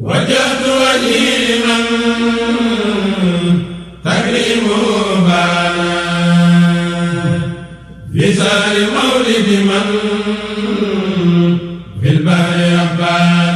وجهت وجهي لمن تكريمه بانا في سال مولد من في البحر يحبانا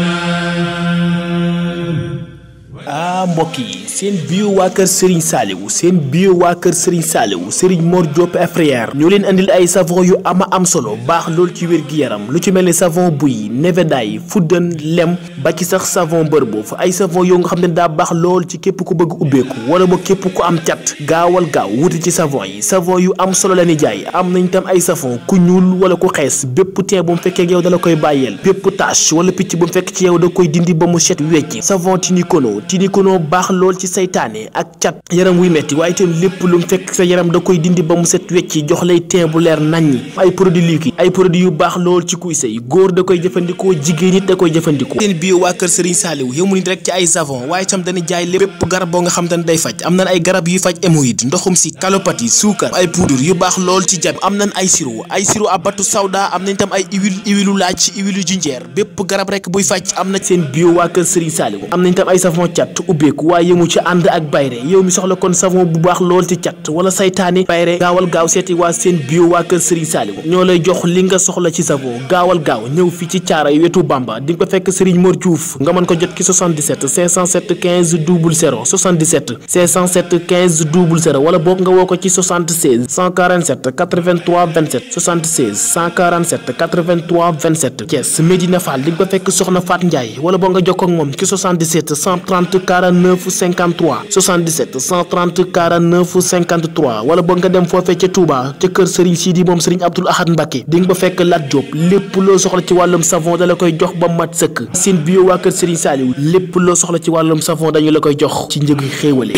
mbokki yi seen bio waa Serigne salew seen bio waa kër Serigne salew Serigne Mor Diop et ñu leen andil ay savon yu ama am solo bax lol ci wér gi yaram lu ci melni savon buy nevedaay fuddan lem ba ci sax savon bër boofu ay savon yo nga xamne da bax lol ci kep ku bëgg ubbeeku wala ba kep ku am tiat gaawal gaaw wuti ci savon yi savon yu am solo la ni jaay am nañ tam ay savon ku ñuul wala ku xees bépp te bu mu fekke yow la koy bayel bépp tache wala picc bu mu fekk ci yow da koy dindi ba mu set wéccé savon tinikono tinikono baax lool ci seytaane ak cat yaram wuy metti waaye itam lépp lu mu fekk sa yaram da koy dindi ba mu set wecci jox lay teen bu leer naññi ay produit liquide ay produit yu baax lool ci kuy sëy góor da koy jëfandikoo jigéen it da koy jëfandikoo seen waa kër Serigne Saliou yëmu nit rek ci ay savon waaye itam dañuy jaay lépp garab boo nga xam te ne day faj am nañ ay garab yuy faj hémorroïde ndoxum si calopathie suukar ay poudre yu baax lool ci jab am nañ ay sirop ay sirop à sawda am nañ tam ay huile huilu laaj huilu jinjeer bépp garab rek buy faj am na seen bio waa kër Serigne Saliou am nañ tam ay savon cat ubbeeku summeeku waaye yëmu ci ànd ak bayre yow mi soxla kon savon bu baax lool ci cat wala saytaane bayre gaawal gaaw seeti waa seen bio waa kër Serigne Saliou ñoo lay jox li nga soxla ci savon gaawal gaaw ñëw fii ci caaray wetu Bamba di nga ko fekk Serigne Mor Diouf nga mën ko jot ki 77 507 15 00 77 507 15 00 wala boog nga woo ko ci 76 147 83 27 76 147 83 27 Thiès Medina Fall di nga ko fekk Soxna Faat Ndiaye wala boog nga jokkoo ak moom ci 77 49 53 77 130 49 53 wala boog nga dem foofee ca Touba ca kër Serigne Sidi moom Serigne Abdoul Ahad Mbacké di ba fekk Lat Diop lépp loo soxla ci wàllum savon da koy jox ba mat sëkk seen bio waa kër Serigne Saliou lépp loo soxla ci wàllum savon dañu la koy jox ci njëg xéewale